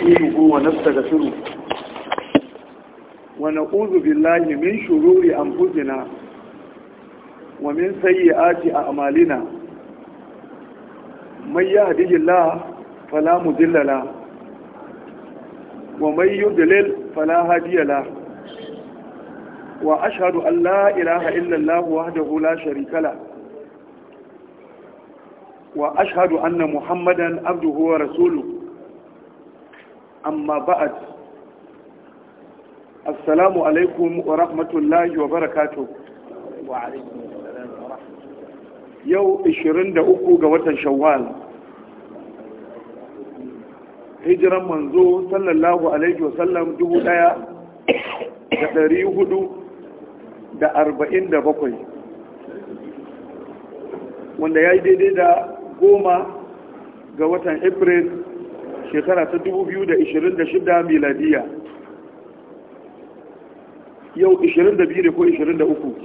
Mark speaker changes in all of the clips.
Speaker 1: نستعينه
Speaker 2: ونستغفره
Speaker 1: ونعوذ بالله من شرور أنفسنا ومن سيئات أعمالنا من يهده الله فلا مذل له ومن يضلل فلا هادي له وأشهد أن لا إله إلا الله وحده لا شريك له وأشهد أن محمدا عبده ورسوله amma ba'ad assalamu alaikum wa rahmatullahi wa barakatuh wa alaikum yau 23 ga watan shawwal hijiran manzo sallallahu alaihi wa da 1447 wanda ya yi daidai da goma ga watan april shekara ta 2026 miladiya yau 22 ne ko 23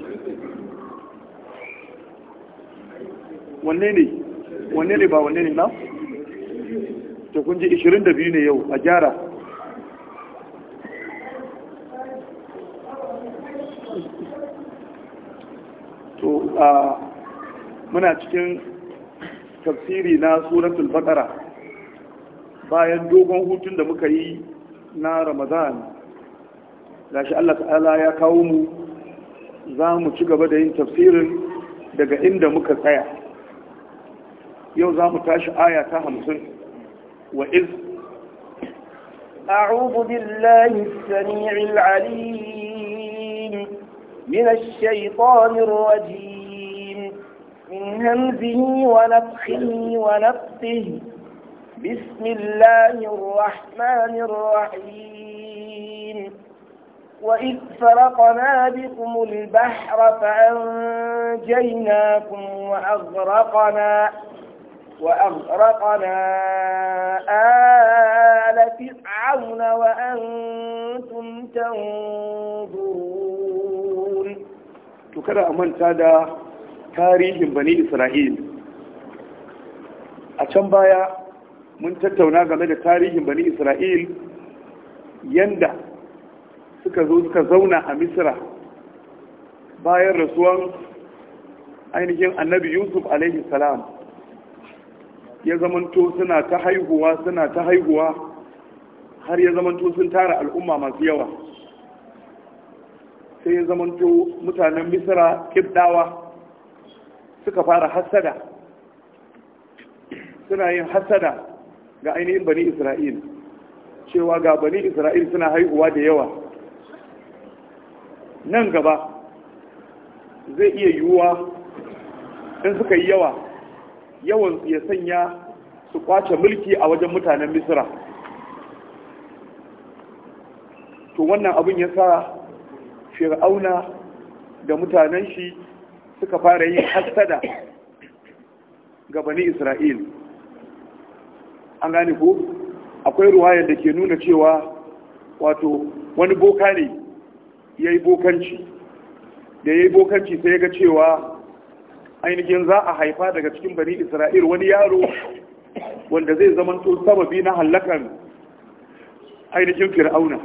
Speaker 1: wanne ne wanne ne ba wanne ne na? ta kunji 22 ne yau a gyara to a muna cikin tafsiri na suratul baqara bayan dogon hutun da muka yi na ramadan gashi Allah ta'ala ya kawo mu za mu ci gaba da yin tafsirin daga inda muka tsaya yau za mu tashi aya ta hamsin wa iz أعوذ بالله السميع العليم من الشيطان الرجيم من همزه ونفخه ونفخه بسم
Speaker 2: الله الرحمن الرحيم وإذ
Speaker 1: فرقنا بكم البحر فأنجيناكم وأغرقنا وأغرقنا آل فرعون وأنتم تنظرون تكرى أمان تادا تاريخ بني إسرائيل أتنبايا mun tattauna game da tarihin bani isra'il yanda suka zo suka zauna a misra bayan rasuwan ainihin annabi yusuf alaihi salam ya zamanto suna ta haihuwa suna ta haihuwa har ya zamanto sun tara al'umma masu yawa sai ya zamanto mutanen misra kibdawa suka fara hasada suna yin hasada ga ainihin bani isra'il cewa ga bani isra'il suna haihuwa da yawa nan gaba zai iya yiwuwa in suka yi yawa yawan ya sanya su kwace mulki a wajen mutanen Misira, to wannan abin ya sa fir'auna da mutanen shi suka fara yin hasada ga bani isra'il an gane ko akwai ruwaya da ke nuna cewa wato wani boka ne ya yi bokanci da ya yi bokanci sai ya ga cewa ainihin za a haifa daga cikin bari isra'il wani yaro wanda zai to sababi na hallakan ainihin fir'auna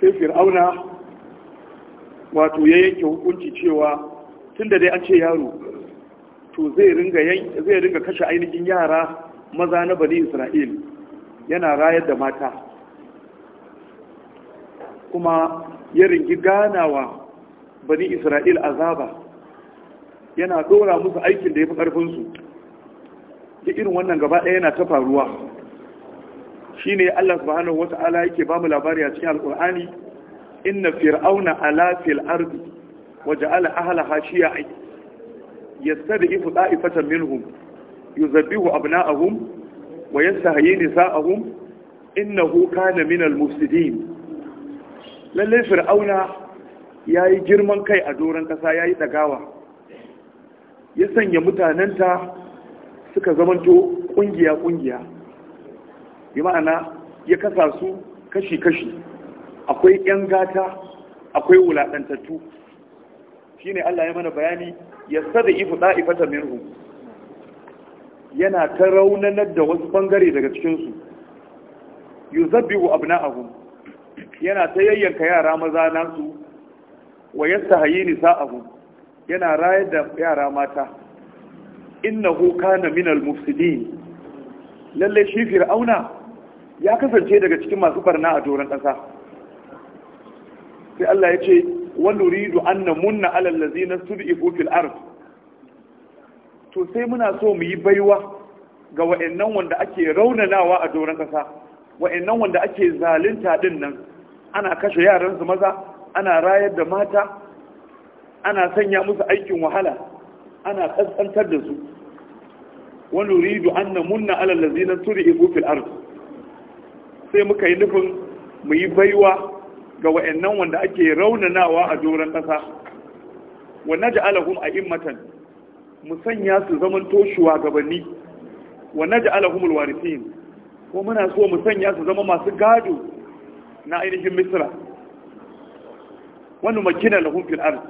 Speaker 1: sai fir'auna wato ya yanke hukunci cewa tun da dai an ce yaro to zai ringa kashe ainihin yara maza na bani isra'il yana rayar da mata kuma ya ringi ganawa bani isra'il azaba yana dora musu aikin da ya fi ƙarfinsu da irin wannan gaba ɗaya yana ta faruwa shi ne allah subhanahu wata'ala yake ba mu labari a cikin alƙur'ani inna fir'auna ala fil ardi wa ja'ala ahlaha shiya'a yastadifu da'ifatan minhum yuzabbihu abna'ahum wa yastahyi nisa'ahum innahu kana min al-mufsidin lalle fir'auna yayi girman kai a doran kasa yayi dagawa ya sanya mutanenta suka zamanto kungiya kungiya bi ma'ana ya kasa su kashi kashi akwai yan gata akwai wuladantattu shine Allah ya mana bayani yastadifu da'ifatan minhum yana ta raunanar da wasu bangare daga cikinsu yuzabbihu abna'ahum yana ta yayyanka yara maza nasu wa nisa abu. yana rayar da yara mata innahu na minal mufsidin lalle shi fir'auna ya kasance daga cikin masu barna a doron ƙasa sai Allah ya ce wa nuridu an namunna alal ladzina stud'ifu fil ardh to sai muna so mu yi baiwa ga wa'annan wanda ake raunanawa a doron ƙasa wa'annan wanda ake zalunta din nan ana kashe yaransu maza ana rayar da mata ana sanya musu aikin wahala ana ƙasƙantar da su wani ridu an na munna alallazi na turi ibufil arzu sai muka yi nufin mu yi baiwa ga wa'annan wanda ake raunanawa a doron ƙasa wa na ja'alahum a immatan mu sanya su zaman to shugabanni wa naj'alahumul warithin ko muna so mu sanya su zama masu gado na ainihin misra wannan makina lahum fil ard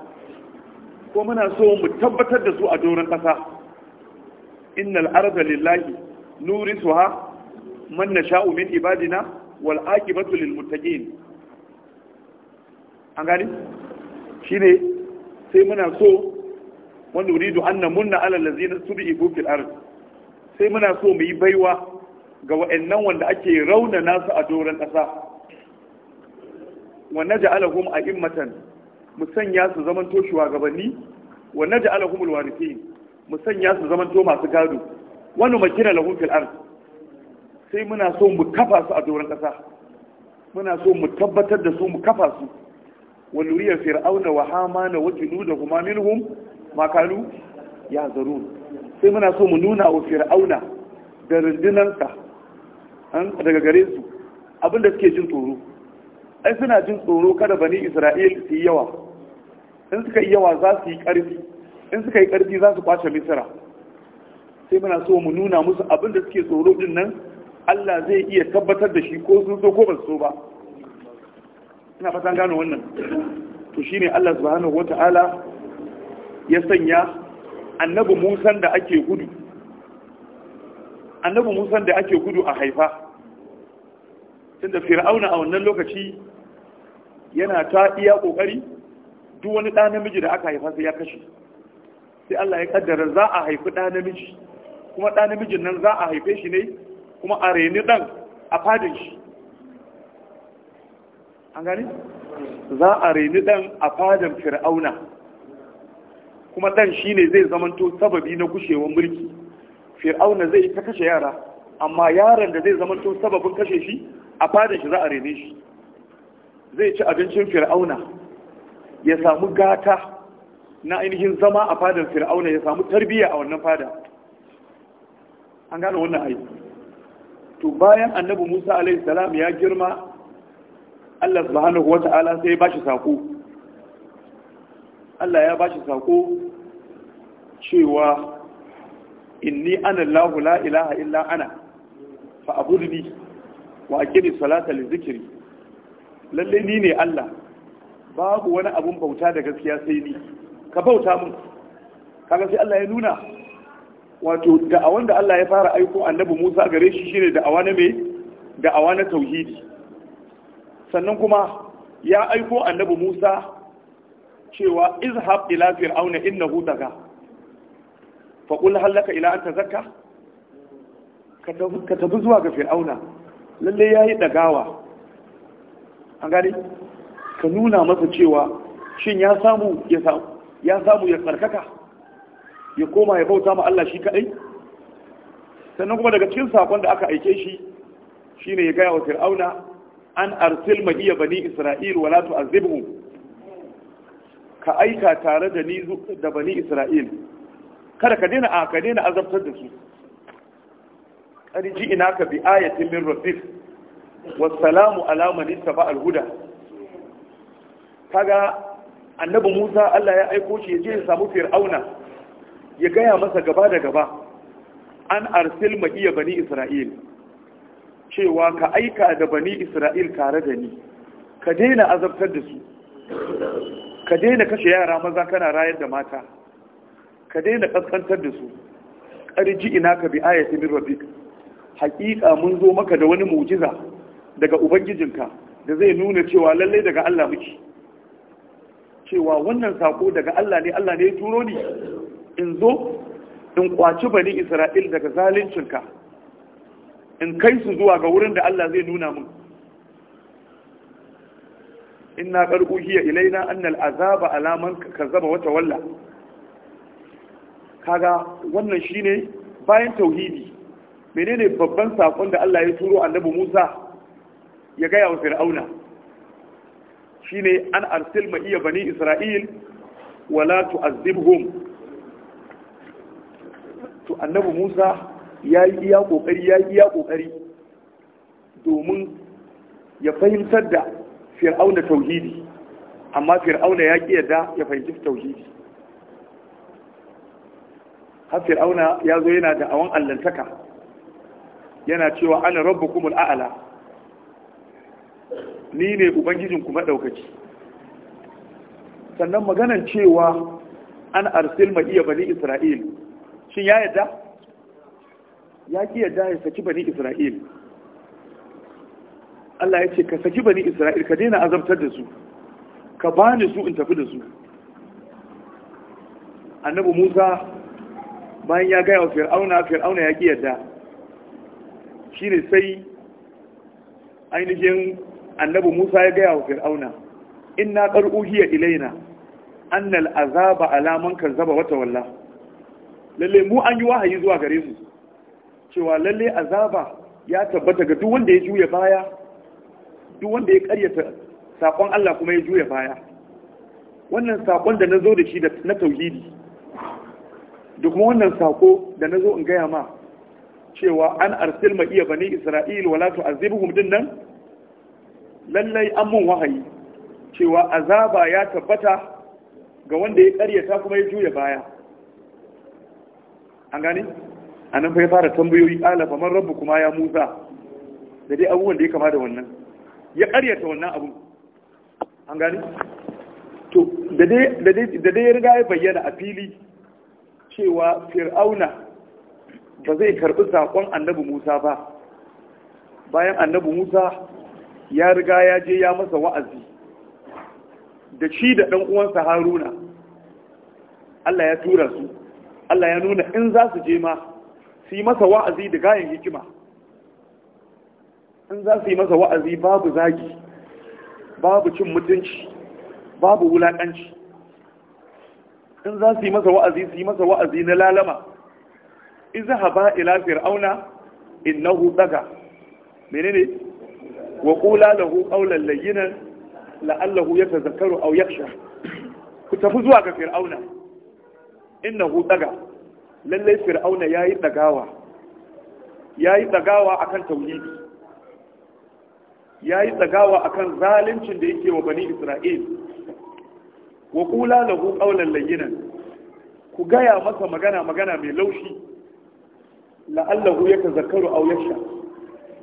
Speaker 1: ko muna so mu tabbatar da su a doron kasa innal arda lillahi nurisuha man nasha'u min ibadina wal aqibatu lil muttaqin an gani shine sai muna so wa nuridu an namunna ala allazina subi'u fil ard sai muna so mu yi baiwa ga wa'annan wanda ake raunana su a doron ƙasa wa naj'alahum a'immatan mu sanya su zaman to shugabanni wa naj'alahum alwarithin mu sanya su zaman to masu gado wa numakkina lahum fil ard sai muna so mu kafa su a doron ƙasa muna so mu tabbatar da su mu kafa su wa nuriyar fir'auna wa hamana wa junuda kuma minhum makaru ya zaru sai muna so mu nuna wa fir'auna da rundunansa daga gare su abinda suke jin tsoro ai suna jin tsoro kada bani isra'il su yi yawa in suka yi yawa za su yi ƙarfi in suka yi ƙarfi za su kwace misira sai muna so mu nuna musu abinda suke tsoro din nan Allah zai iya tabbatar da shi ko sun so ko ba su so ba ina fatan gano wannan to shine Allah subhanahu wata'ala ya sanya annabi musan da ake gudu annabi musan da ake gudu a haifa tunda fir'auna a wannan lokaci yana ta iya kokari duk wani ɗa namiji da aka haifa sai ya kashe sai Allah ya kaddara za a haifi ɗa namiji kuma ɗa namijin nan za a haife shi ne kuma a reni ɗan a fadin shi an gani za a reni ɗan a fadin fir'auna kuma ɗan shi ne zai zamanto sababi na kushewar mulki fir'auna zai ta kashe yara amma yaran da zai zamanto sababin kashe shi a fadin shi za a rene shi zai ci abincin fir'auna ya samu gata na ainihin zama a fadin fir'auna ya samu tarbiyya a wannan fada an gane wannan aiki to bayan annabi musa alaihi salam ya girma allah subhanahu wata'ala sai ya bashi sako Allah ya bashi sako cewa inni ana Allah la ilaha illa ana fa abudni wa aqimi salata li zikri lalle ni ne Allah babu wani abun bauta da gaskiya sai ni ka bauta mun kaga sai Allah ya nuna wato a da Allah ya fara aiko annabi Musa gare shi shine da'awa na me da'awa na tauhidi sannan kuma ya aiko annabi Musa cewa izhab ila fir'auna innahu daga fa qul hal laka ila an tazakka ka tafi zuwa ga fir'auna lalle yayi dagawa an gani ka nuna masa cewa shin ya samu ya samu ya samu ya tsarkaka ya koma ya bauta ma Allah shi kadai sannan kuma daga cikin sakon da aka aike shi shine ya gaya wa fir'auna an arsil ma'iya bani isra'il wala tu'azibhum ka aika tare da ni da bani isra'il kada ka daina ka daina azabtar da su ji ina ka bi ayatin min rabbik wassalamu ala man ittaba al-huda kaga annabi Musa Allah ya aiko shi je ya samu Fir'auna ya gaya masa gaba da gaba an arsil iya bani Isra'il cewa ka aika da bani Isra'il tare da ni ka daina azabtar da su ka daina kashe yara maza kana rayar da mata ka daina kaskantar da su ƙarji ina ka bi ayati min rabbik haƙiƙa mun zo maka da wani mu'jiza daga ubangijinka da zai nuna cewa lallai daga Allah muke cewa wannan sako daga Allah ne Allah ne ya turo ni in zo in kwaci bani Isra'il daga zaluncinka in kai su zuwa ga wurin da Allah zai nuna mun inna qad hiya ilaina annal azaba ala man kazzaba wa tawalla kaga wannan shine bayan tauhidi menene babban sakon da Allah ya turo annabi Musa ya gaya wa Fir'auna shine an arsil ma iya bani Isra'il wala tu'azzibhum to annabi Musa yayi iya kokari ya iya kokari domin ya fahimtar da fir'auna tauhidi amma fir'auna ya ƙi yadda ya fahimci tauhidi har fir'auna ya zo yana da awon allantaka yana cewa ana rabbukum a'ala. ni ne kuma maɗaukaci sannan maganan cewa an arsil ma iya bani isra'il shin ya yadda ya ƙi yadda ya saki bani isra'il Allah ya ce ka saki bani Isra'il ka daina azabtar da su ka bani su in tafi da su annabi Musa bayan ya gaya wa fir'auna fir'auna ya ki yadda ne sai ainihin annabi Musa ya gaya wa fir'auna inna qad uhiya ilaina annal azaba ala man kazzaba wa tawalla lalle mu an yi wahayi zuwa gare mu cewa lalle azaba ya tabbata ga duk wanda ya juya baya duk wanda ya karyata sakon Allah kuma ya juya baya wannan sakon da na zo da shi na tauhidi da kuma wannan sako da na zo in gaya ma cewa an arsil ma iya bani isra'il wala tu'azibuhum din nan lallai an mun wahayi cewa azaba ya tabbata ga wanda ya karyata kuma ya juya baya an gani a fa ya fara tambayoyi ƙala fa man rabbu ya musa da dai abubuwan da ya kama da wannan ya karyata wannan abu an gani to da dai ya riga ya bayyana a fili cewa fir'auna ba zai karɓi saƙon annabi musa ba bayan annabi musa ya riga ya je ya masa wa'azi da shi da ɗan uwansa haruna allah ya tura su allah ya nuna in za su je ma su yi masa wa'azi da gayan hikima in za su yi masa wa'azi babu zagi babu cin mutunci babu wulaƙanci in za su yi masa wa'azi su yi masa wa'azi na lalama iza haba ila fir'auna innahu daga menene wa qula lahu qawlan layyinan la'allahu yatazakkaru aw yaksha ku tafi zuwa ga fir'auna innahu daga Lallai fir'auna ya yi ɗagawa, ya yi ɗagawa a kan tauhidi ya yi tsagawa a kan zalincin da yake wa bani isra'il wa kula da ku ƙaunar layyinan ku gaya masa magana magana mai laushi la'allahu ya zakaru aw sha,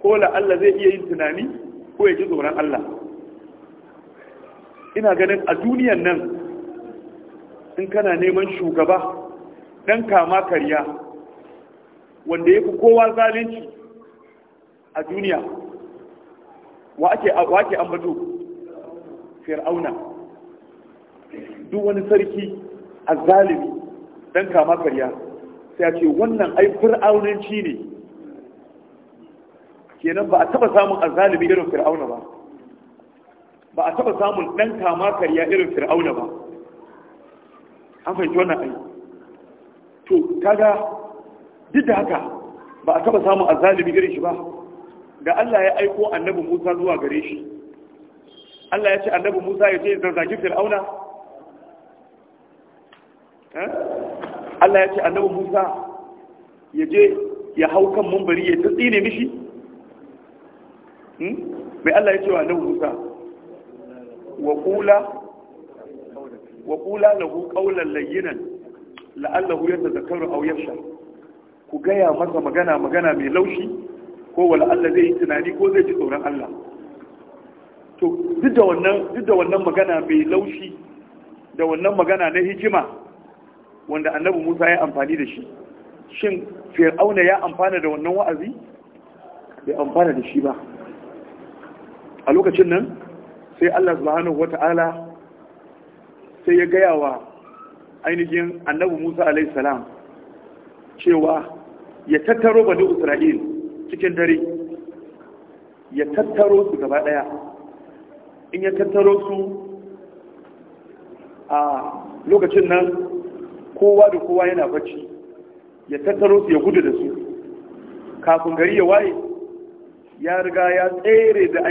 Speaker 1: ko la'alla zai iya yin tunani ko ya ji tsoron Allah ina ganin a duniyan nan in kana neman shugaba dan kama karya wanda ya fi kowa zalunci a duniya wa ake wa ake ambato fir'auna duk wani sarki azzalimi dan kama karya sai a ce wannan ai fir'aunanci ne kenan ba a taba samun azzalimi irin fir'auna ba ba a taba samun dan kama karya irin fir'auna ba an fahimci wannan ai to kaga duk da haka ba a taba samun azzalimi irin shi ba da Allah ya aiko annabi Musa zuwa gare shi Allah ya ce annabi Musa ya ce zarzaki fir'auna eh? Allah ya ce annabi Musa ya je ya hau kan mumbari ya tsitsi ne mishi hmm? mai Allah ya ce wa annabi Musa wa kula wa qula lahu qawlan layyinan la'allahu yatadhakkaru aw yafsha ku gaya masa magana magana mai laushi ko wala Allah zai yi tunani ko zai ci tsoron Allah to duk da wannan duk da wannan magana mai laushi da wannan magana na hikima wanda annabi Musa ya amfani da shi shin fir'auna ya amfana da wannan wa'azi bai amfana da shi ba a lokacin nan sai Allah subhanahu wata'ala sai ya gaya wa ainihin annabi Musa alaihi salam cewa ya tattaro bani Isra'il cikin dare ya tattaro su gaba daya in ya tattaro su a lokacin nan kowa da kowa yana bacci ya tattaro su ya gudu da su kafin gari ya waye ya riga ya tsere da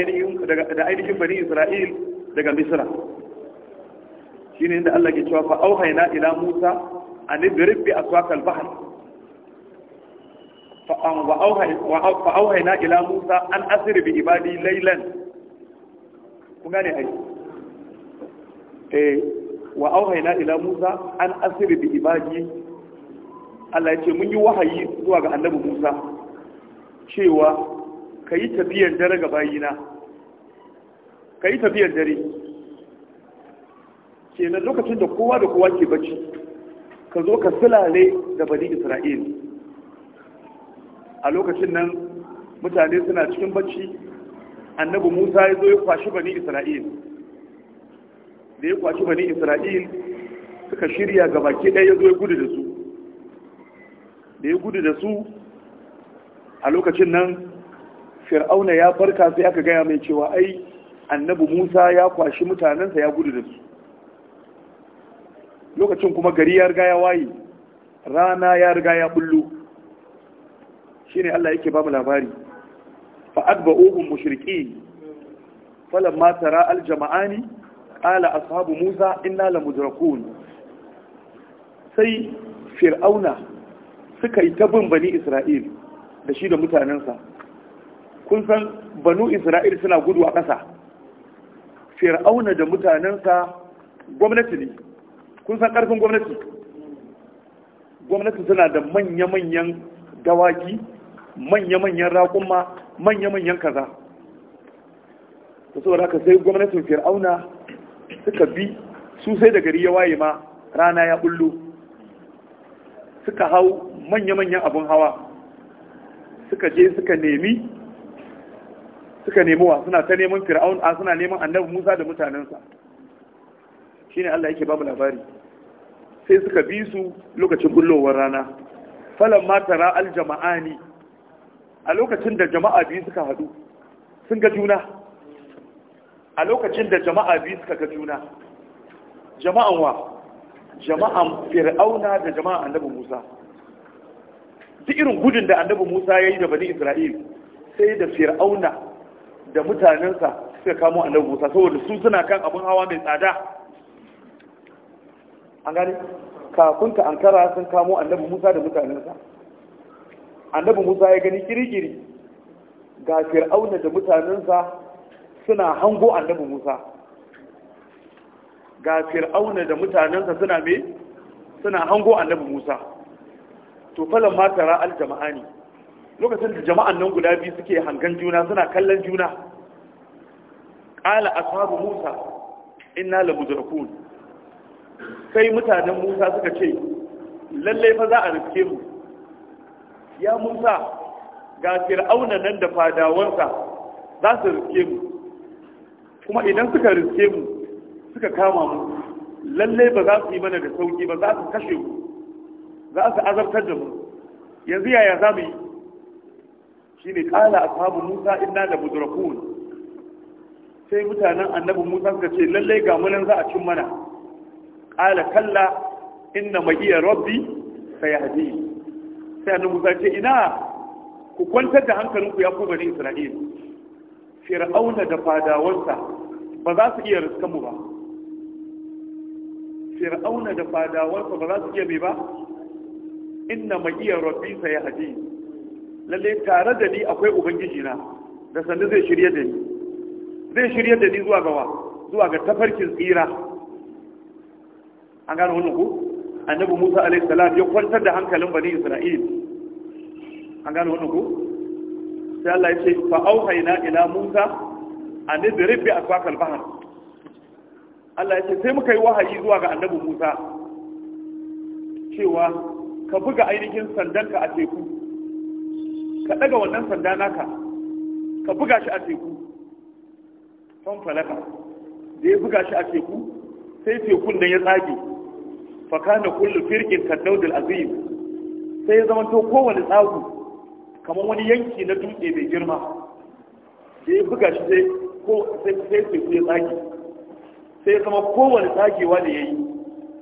Speaker 1: ainihin bani isra'il daga misra shine inda Allah ke cewa fa auhayna ila musa an idrib bi aswaqal bahar? fa auhayna ila musa an asiri bi ibadi laylan kun gane ai eh wa auhayna ila musa an asiri bi ibadi Allah ya ce mun yi wahayi zuwa ga annabi Musa cewa ka yi tafiyar dare ga bayina ka yi tafiyar dare kenan lokacin da kowa da kowa ke bacci ka zo ka sulale da bani isra'il a lokacin nan mutane suna cikin bacci annabi musa ya zo ya kwashi bani isra'il da ya kwashi bani isra'il suka shirya ga baki ɗaya ya zo ya gudu da su da ya gudu da su a lokacin nan fir'auna ya farka sai aka gaya mai cewa ai annabi musa ya kwashi mutanensa ya gudu da su lokacin kuma gari ya riga ya waye rana ya riga ya bullo shine Allah yake ba mu labari fa adba'uhum mushriqin falamma tara aljama'ani qala ashabu musa inna lamudrakun sai fir'auna suka yi ta bani isra'il da shi da mutanensa kun san banu isra'il suna gudu a ƙasa fir'auna da mutanensa gwamnati ne kun san ƙarfin gwamnati gwamnati suna da manya-manyan dawaki manya-manyan raƙumma manya-manyan kaza da saboda haka sai gwamnatin fir'auna suka bi su sai da gari ya waye ma rana ya bullo suka hau manya-manyan abin hawa suka je suka nemi suka nemuwa suna ta neman fir'aun a suna neman annabi musa da mutanensa Shi ne allah yake babu labari sai suka bi su lokacin bullowar rana falon matara ne. a lokacin da jama'a biyu suka haɗu sun ga juna a lokacin da jama'a biyu suka ga juna jama'an wa jama'an fir'auna da jama'an annabi musa duk irin gudun da annabi musa ya yi da bani isra'il sai da fir'auna da mutanensa suka kamo annabi musa saboda su suna kan abin hawa mai tsada an gani kafin ka ankara sun kamo annabi musa da mutanensa annabi musa ya gani kirikiri ga fir'auna da mutanensa suna hango annabi musa ga fir'auna da mutanensa suna me suna hango annabi musa to falan ma tara aljama'ani lokacin da jama'an nan guda biyu suke hangan juna suna kallon juna qala ashabu musa inna mudrakun sai mutanen musa suka ce lallai fa za a riske mu ya musa ga fir'auna nan da fadawansa za su riske mu kuma idan suka riske mu suka kama mu lalle ba za su yi mana da sauki ba za su kashe mu za su azabtar da mu yanzu yaya za mu yi shi ne kala ashabu musa inna da budurakun sai mutanen annabi musa suka ce lalle ga munan za a cin mana kala kalla inna magiya rabbi sayahdi sai annabi Musa ce ina ku kwantar da hankalinku ya kuma bani Isra'il Fir'auna da fadawansa ba za su iya riskan mu ba Fir'auna da fadawansa ba za su iya mai ba inna ma iya rabbi sa ya haji lalle tare da ni akwai ubangiji na da sannu zai shirye da ni zai shirye da ni zuwa gawa zuwa ga tafarkin tsira an gano wannan ku annabi Musa alaihi salam ya kwantar da hankalin bani Isra'il an gano wannan ko sai Allah ya ce fa auhayna ila Musa an idrib bi asfakal bahar Allah ya ce sai muka yi wahayi zuwa ga annabi Musa cewa ka buga ainihin sandanka a teku ka daga wannan sanda naka ka buga shi a teku fan falaka da ya buga shi a teku sai tekun nan ya tsage fa kana kullu firqin kadawdul azim sai ya zama to kowane tsagu kamar wani yanki na dutse mai girma da ya buga shi sai ko sai sai ku ya tsage sai zama kowane tsagewa da yayi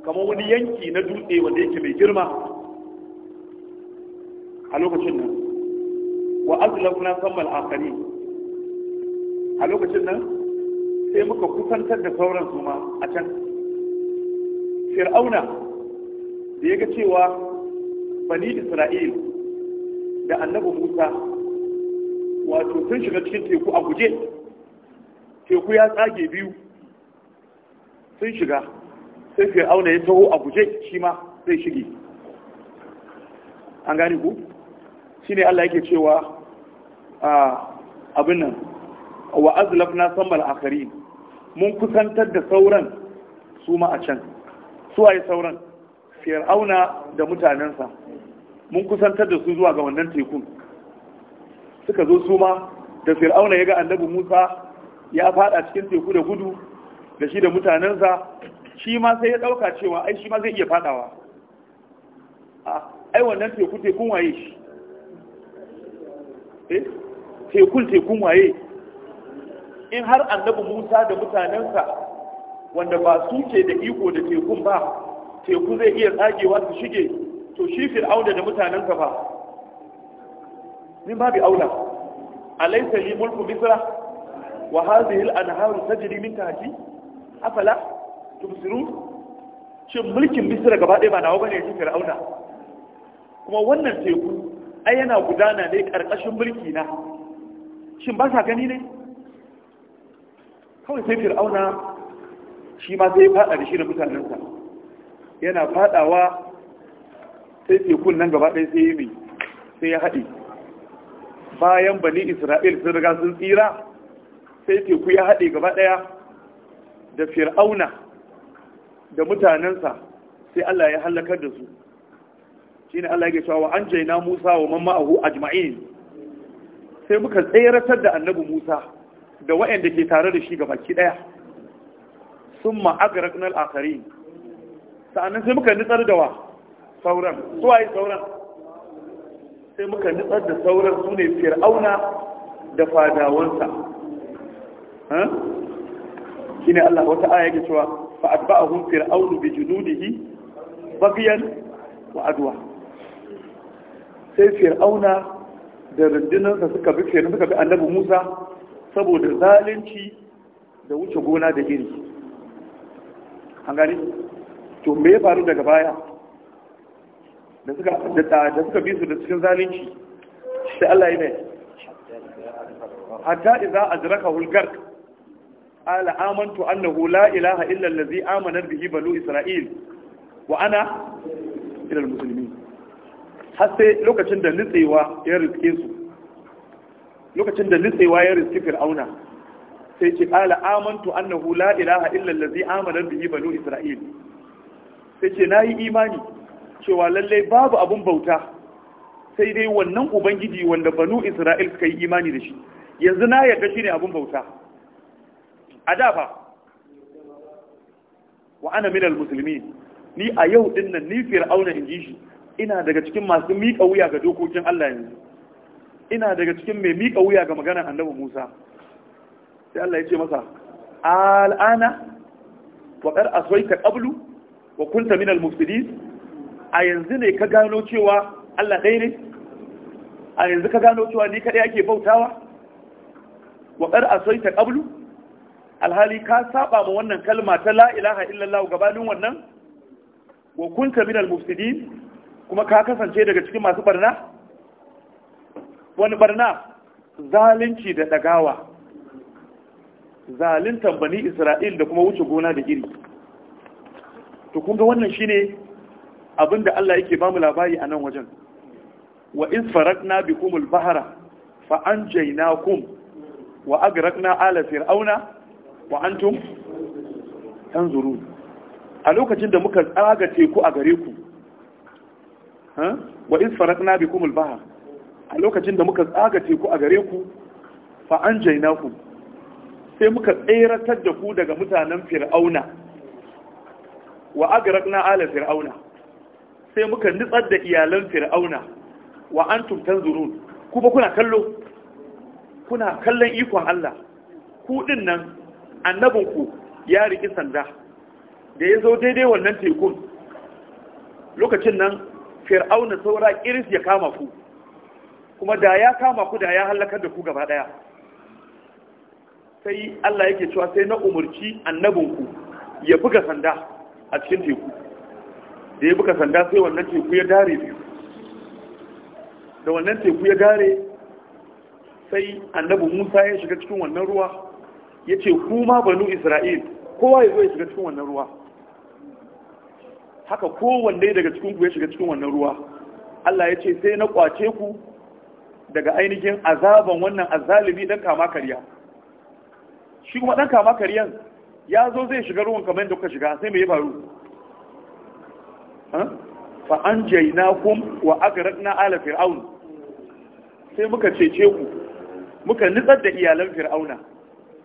Speaker 1: kamar wani yanki na dutse wanda yake mai girma a lokacin nan wa azlafna sammal akhari a lokacin nan sai muka kusantar da sauran su ma a can fir'auna da ya ga cewa bani isra'il da annabi musa wato sun shiga cikin teku a guje teku ya tsage biyu sun shiga sai fir'auna ya taho a guje shi ma zai shige an gani ku shi ne allah yake cewa abin nan wa azlafna sammal akari mun kusantar da sauran su ma a can suwaye sauran fir'auna da mutanensa mun kusantar da su zuwa ga wannan tekun suka zo su ma da fir'auna ya ga annabi musa ya fada cikin teku da gudu da shi da mutanensa shi ma sai ya dauka cewa ai shi ma zai iya fadawa ai wannan teku tekun waye shi eh, tekun tekun waye in har annabi musa da mutanensa wanda ba su ke da iko da tekun ba teku zai iya tsagewa su shige to shi fir'auna da mutanenka ba min babu aula alaysa li mulku misra wa hadhihi al-anharu tajri min tahti afala tubsiru shin mulkin misra gaba ɗaya ba nawa bane shi fir'auna kuma wannan teku ai yana gudana ne karkashin mulki na shin ba sa gani ne kawai sai fir'auna shi ma sai fada da shi da mutanensa yana fadawa sai tekun nan gaba ɗaya sai yi sai ya haɗe bayan bani isra'il sun riga sun tsira sai teku ya haɗe gaba ɗaya da fir'auna da mutanensa sai Allah ya hallakar da su shi ne Allah ya cewa wa an jaina Musa wa mamma ahu ajma'in sai muka tseratar da annabi Musa da wa'anda ke tare da shi gabaki ɗaya sun ma'agarar na al'akari sa'anin sai muka nitsar da wa sauran su waye sauran sai muka nitsar da sauran su ne fir'auna da fadawansa shi ne allah wata aya ke cewa fa'adba'ahun fir'aunu bi junudihi bagiyar wa adwa sai fir'auna da rundunarsa suka bi fir'auna suka bi annabi musa saboda zalunci da wuce gona da iri an gani to me ya faru daga baya da suka da suka bi su da cikin zalunci sai Allah ya mai hatta idza ajraka hulgar ala amantu annahu la ilaha illa allazi amana bihi banu isra'il wa ana ila almuslimin har sai lokacin da nitsewa ya riske su lokacin da nitsewa ya riske fir'auna sai ce qala amantu annahu la ilaha illa allazi amana bihi banu isra'il sai ce nayi imani cewa lalle babu abun bauta sai dai wannan ubangiji wanda banu isra'il suka yi imani da shi yanzu na yarda shine abun bauta a da fa wa ana minal muslimin ni a yau din nan ni fir'auna in ji shi ina daga cikin masu miƙa wuya ga dokokin Allah yanzu ina daga cikin mai miƙa wuya ga maganar annabi Musa sai Allah ya ce masa al'ana wa kar aswaita qablu wa kunta minal mufsidin a yanzu ne ka gano cewa Allah ɗai ne a yanzu ka gano cewa ni kaɗai ake bautawa wa kar aswaita ƙablu alhali ka saba ma wannan kalma ta la ilaha illallah gabanin wannan wa kunta minal mufsidin kuma ka kasance daga cikin masu barna wani barna zalunci da dagawa zalintan bani isra'il da kuma wuce gona da iri to kun ga wannan shine abinda Allah yake bamu labari a nan wajen wa iz farakna al-bahra fa anjaynakum wa agrakna ala fir'auna wa antum tanzurun a lokacin da muka tsaga teku a gare ku wa iz farakna al-bahra a lokacin da muka tsaga teku a gare ku fa anjaynakum sai muka tseratar da ku daga mutanen fir'auna wa na ala fir'auna sai muka nitsar da iyalan fir'auna wa antum tanzurun ku ba kuna kallo kuna kallon ikon Allah ku nan annabinku ya riki sanda da ya zo daidai wannan tekun lokacin nan fir'auna saura iris ya kama ku kuma da ya kama ku da ya hallakar da ku gaba daya sai Allah yake cewa sai na umarci annabinku ya buga sanda a cikin teku da ya buga sanda sai wannan teku ya dare biyu da wannan teku ya dare sai annabin Musa ya shiga cikin wannan ruwa ya ce kuma banu Isra'il kowa ya zo ya shiga cikin wannan ruwa haka kowanne daga cikin ku ya shiga cikin wannan ruwa Allah ya ce sai na kwace ku daga ainihin azaban wannan azalimi dan kama karya shi kuma ɗan kama kariyan ya zo zai shiga ruwan kamar yadda kuka shiga sai mai ya faru fa an na kum wa agarak na ala fir'aun sai muka cece ku muka nitsar da iyalan fir'auna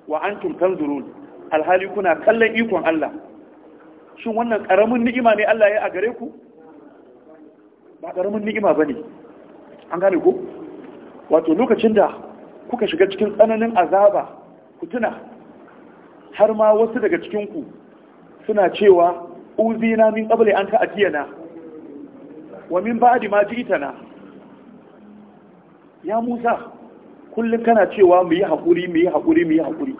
Speaker 1: wa an tumtan zurun alhali kuna kallon ikon Allah shin wannan ƙaramin ni'ima ne Allah ya a gare ku ba ƙaramin ni'ima ba ne an gane ku wato lokacin da kuka shiga cikin tsananin azaba ku tuna har ma wasu daga cikinku suna cewa uzina min qabli an na, wa min ba'di ma na? ya Musa kullum kana cewa mu yi haƙuri mu yi haƙuri mu yi haƙuri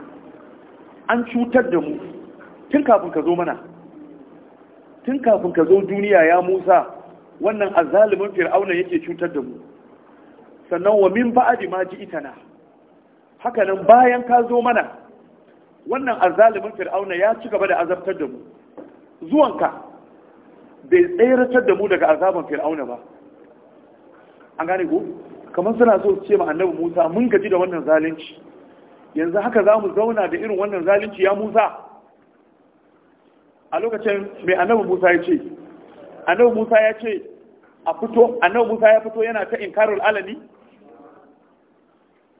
Speaker 1: an cutar da mu tun kafin ka zo mana tun kafin ka zo duniya ya musa wannan azalimin fir'auna yake cutar da mu sannan wa min ba'adi ma ji itana Haka nan bayan ka zo mana wannan azalimin fir'auna ya ci gaba da azabtar da mu zuwanka bai tsayaratar da mu daga azaban fir'auna ba an gane ku? kamar suna so ce ma annabi musa mun gaji da wannan zalunci yanzu haka za mu zauna da irin wannan zalunci ya musa a lokacin mai annabi musa ya ce annabi musa ya ce a fito annabi musa ya fito yana ta inkarul alani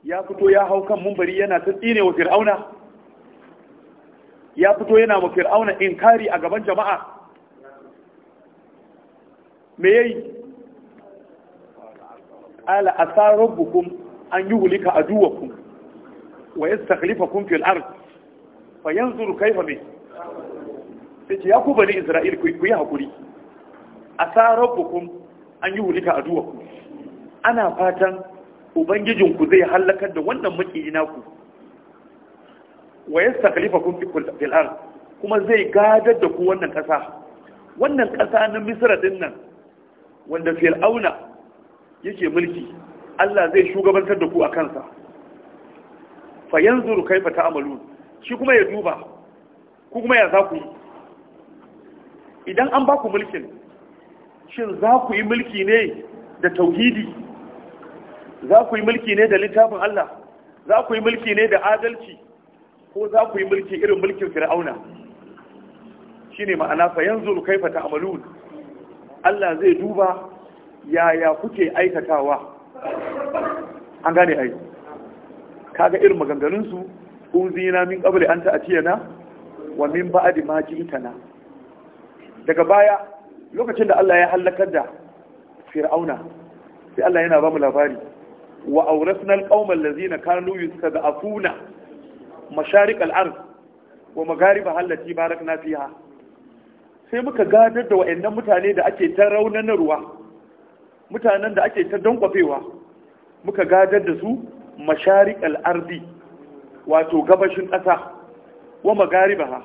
Speaker 1: ya fito ya hau kan mumbari yana ta tsine wa fir'auna ya fito yana wa fir'auna inkari a gaban jama'a me yayi ala asa rabbukum an yuhlika aduwakum wa yastakhlifakum fil ard fa yanzuru kayfa bi sai ya ku bani isra'il ku yi hakuri asa rabbukum an yuhlika aduwakum ana fatan ubangijinku zai halakar da wannan makiyi naku wa yastakhlifakum fil ard kuma zai gadar da ku wannan kasa wannan ƙasa na misra din nan wanda fir'auna yake mulki Allah zai shugabantar da ku a kansa fa yanzuru kaifa ta'malun shi kuma ya duba ku kuma ya za ku idan an ba ku mulkin shin za ku yi mulki ne da tauhidi za ku yi mulki ne da littafin Allah za ku yi mulki ne da adalci ko za ku yi mulki irin mulkin fir'auna shine ma'ana fa yanzu kaifa ta'malun Allah zai duba yaya kuke aikatawa an gane ai kaga irin maganganun su uzina min qabli an ta'tiyana wa min ba'di ma ji'tana daga baya lokacin da Allah ya halakar da fir'auna sai Allah yana ba mu labari wa kaumar alqauma allazina kanu yastad'afuna masharik al-ard wa maghariba allati barakna fiha sai muka gadar da wayannan mutane da ake ta raunanarwa mutanen da ake ta dankwafewa muka gadar da su masharik al wato gabashin ƙasa wa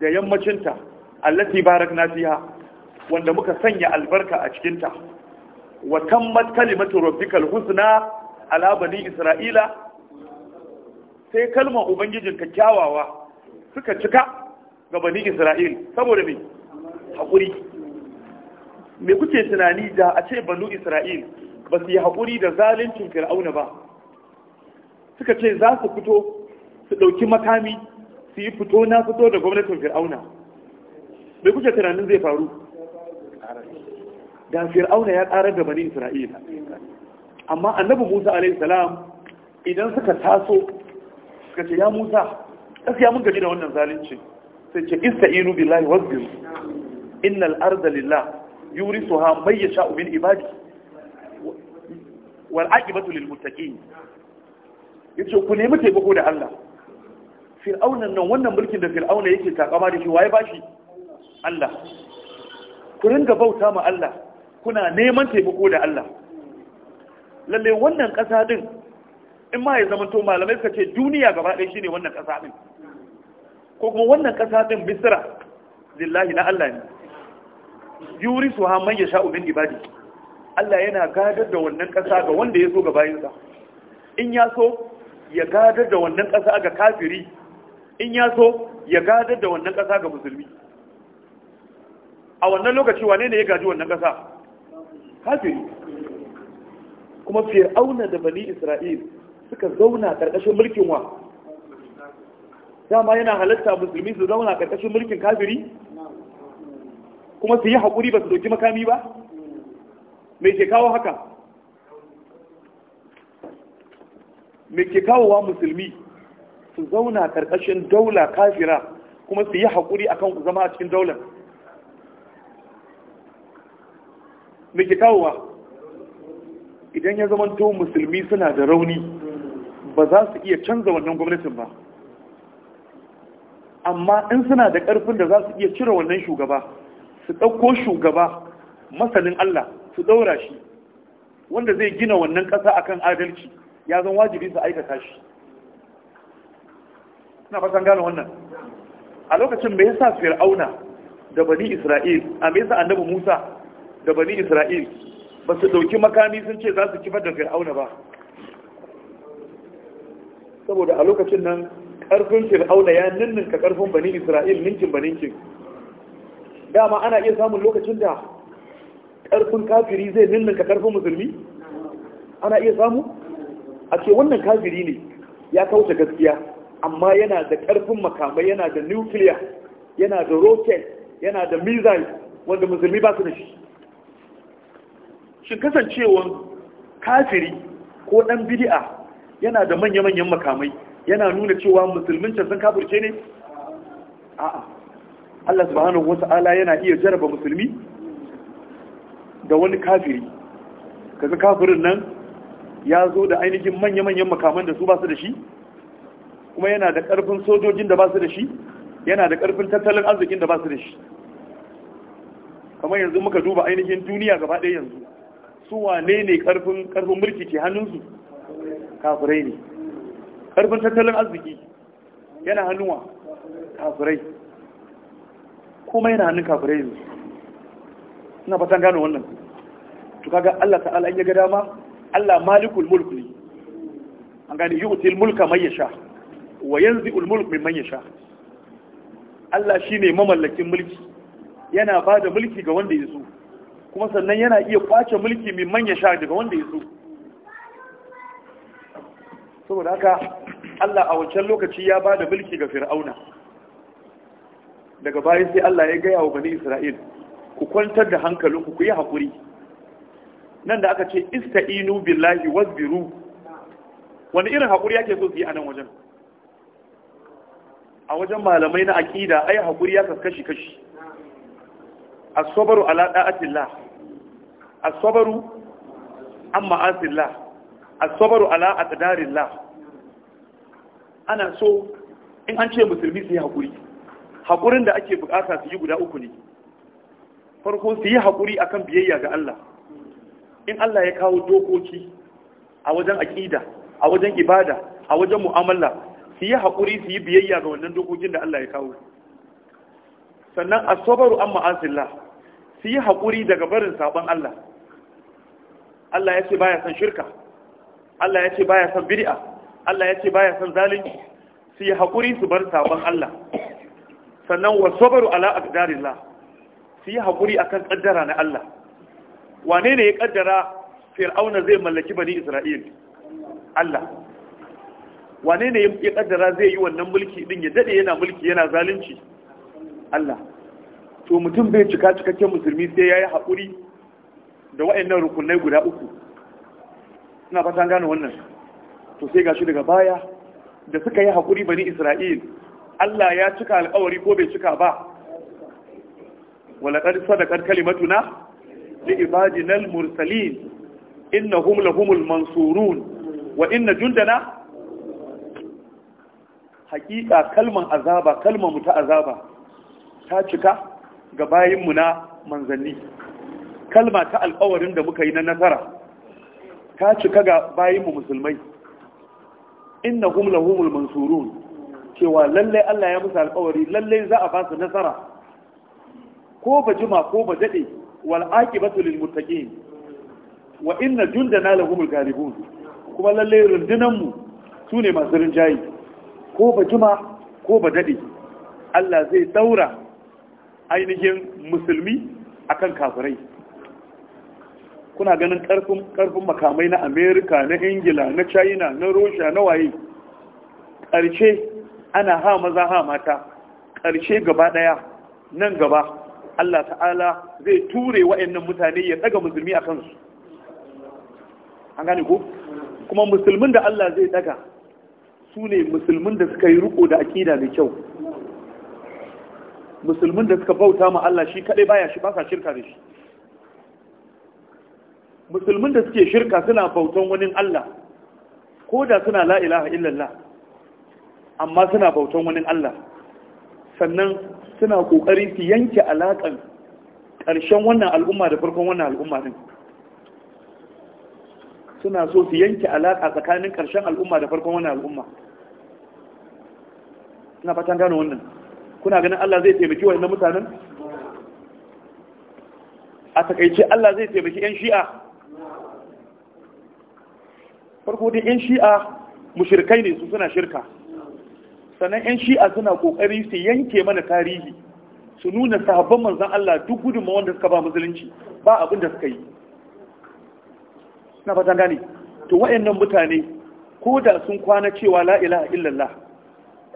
Speaker 1: da yammacinta allati Barak, fiha wanda muka sanya albarka a cikinta wa tammat kalimatu rabbikal husna ala bani isra'ila sai kalmar ubangijin ka kyawawa suka cika ga bani isra'il saboda mai haƙuri me kuke tunani da a ce banu isra'il ba su yi haƙuri da zaluncin fir'auna ba suka ce za su fito su ɗauki makami su yi fito na fito da gwamnatin fir'auna me kuke tunanin zai faru da fir'auna ya ƙarar da bani isra'ila amma annabi musa alaihi salam idan suka taso suka ce ya musa gaskiya mun gaji da wannan zalunci sai ce ista'inu billahi wasbir innal arda lillah yurisuha may yasha'u min ibadi wal aqibatu lil muttaqin yace ku nemi taimako da Allah fir'auna nan wannan mulkin da fir'auna yake takama da shi waye bashi Allah ku ringa bauta ma Allah kuna neman taimako da Allah lalle wannan ƙasa ɗin, in ma ya zama to malamai suka ce duniya gaba ɗaya shine wannan ƙasa ɗin. ko kuma wannan ƙasa ɗin Misira, lillahi na Allah ne yuri su ha man sha ubin ibadi Allah yana gadar da wannan ƙasa ga wanda ya so ga bayinsa in ya so ya gadar da wannan ƙasa ga kafiri in ya so ya gadar da wannan ƙasa ga musulmi a wannan lokaci wane ne ya gaji wannan ƙasa kafiri kuma fir'auna da bani isra'il suka zauna karkashin mulkin wa dama yana halatta musulmi su zauna karkashin mulkin kafiri kuma su yi haƙuri ba su ɗauki makami ba mai ke kawo haka mai ke kawowa musulmi su zauna karkashin daula kafira kuma su yi haƙuri akan zama a cikin daular mai ke kawowa idan ya zama to musulmi suna da rauni ba za su iya canza wannan gwamnatin ba amma in suna da ƙarfin da za su iya cire wannan shugaba su ɗauko shugaba masanin Allah su ɗaura shi wanda zai gina wannan ƙasa akan adalci ya zan wajibi su aikata shi Suna fatan gane wannan a lokacin me yasa fir'auna da bani isra'il a me yasa annabi musa da bani isra'il ba su dauki makami sun ce za su kifar da fir'auna ba saboda a lokacin nan karfin fir'auna ya ninninka karfin bani isra'il ninkin baninkin dama ana iya samun lokacin da karfin kafiri zai ninninka karfin musulmi ana iya samu a ce wannan kafiri ne ya kauce gaskiya amma yana da karfin makamai yana da nukiliya yana da rocket yana da missile wanda musulmi ba su da shi shin kasancewa kafiri ko ɗan bidi'a yana da manya-manyan makamai yana nuna cewa musulmin can sun kafirce ne a'a Allah subhanahu ala yana iya jaraba musulmi da wani kafiri kasu kafirin nan ya zo da ainihin manya-manyan makaman da su ba su da shi kuma yana da ƙarfin sojojin da ba su da shi yana da ƙarfin tattalin arzikin da ba su da shi kamar yanzu muka duba ainihin duniya gaba ɗaya yanzu su wane ne karfin mulki ke hannunsu kafirai ne karfin tattalin arziki yana hannuwa kafirai kuma yana hannun kafirai ne. ina fatan gano wannan to ga Allah ta'ala an ya ga dama Allah malikul mulk ne an yi util mulka man yasha wa yanzu yanzi'ul mai mimman yasha Allah shi ne mamallakin mulki yana bada mulki ga wanda ya so kuma sannan yana iya kwace mulki mai manya sha daga wanda ya so saboda haka Allah a wancan lokaci ya ba da mulki ga fir'auna daga bayan sai Allah ya gaya wa bani Isra'il ku kwantar da hankalinku ku yi haƙuri nan da aka ce ista'inu billahi wasbiru wani irin haƙuri yake so su yi a nan wajen a wajen malamai na aƙida ai haƙuri ya kaskashi kashi asobaru ala da'atillah as-sabru amma asillah as ala ala ana so in an ce musulmi su yi hakuri hakurin da ake bukata su yi guda uku ne farko su yi hakuri akan biyayya ga Allah in Allah ya kawo dokoki a wajen aƙida a wajen ibada a wajen mu'amala su yi haƙuri su yi biyayya ga wannan dokokin da Allah ya kawo sannan asabaru an ma'asillah su yi haƙuri daga barin sabon Allah Allah ya ce baya son shirka Allah ya ce baya son bid'a Allah ya ce baya son zalunci su yi haƙuri su bar sabon Allah sannan wasobaru ala aqdarillah su yi haƙuri akan kaddara na Allah wane ne ya kaddara fir'auna zai mallaki bani isra'il Allah wane ne ya kaddara zai yi wannan mulki din ya dade yana mulki yana zalunci Allah to mutum bai cika cikakken musulmi sai ya yi haƙuri da wa'annan rukunai guda uku ina fatan gane wannan to sai gashi daga baya da suka yi haƙuri bani isra'il Allah ya cika alƙawari ko bai cika ba walaƙar sadakar kalimatuna da ibadinal mursalin innahum lahumul mansurun wa inna jundana hakika kalman azaba kalman muta azaba ta cika ga bayinmu na manzanni kalma ta alkawarin da muka yi na nasara ta cika ga bayinmu musulmai inna hum lahumul mansurun cewa lallai Allah ya musu alkawari lallai za a ba nasara ko ba jima ko ba dade wal aqibatu lil muttaqin wa inna jundana lahumul ghalibun kuma lallai rundunan mu sune masu rinjayi ko ba jima ko ba dade Allah zai daura ainihin musulmi akan kafirai kuna ganin karfin makamai na amerika na ingila na china na russia na waye karshe ana ha maza ha mata karshe gaba ɗaya nan gaba allah ta'ala zai ture wa'annan mutane ya ɗaga musulmi a kansu an gane ku? kuma musulmin da allah zai ɗaga su ne musulmin da suka yi ruko da aƙida da kyau musulmin da suka bauta ma Allah shi kadai baya shi ba sa shirka da shi musulmin da suke shirka suna bautan wani Allah ko da suna la ilaha illallah amma suna bautan wani Allah sannan suna kokari su yanke alakan ƙarshen wannan al'umma da farkon wannan al'umma din suna so su yanke alaka tsakanin ƙarshen al'umma da farkon wannan al'umma suna fatan gano wannan kuna ganin Allah zai taimaki wannan mutanen a takaice Allah zai taimaki yan shi'a farko dai yan shi'a mushrikai ne su suna shirka sannan yan shi'a suna kokari su yanke mana tarihi su nuna sahabban manzan Allah duk gudun wanda suka ba musulunci ba abin da suka yi na fatan gane to wayannan mutane ko da sun kwana cewa la illallah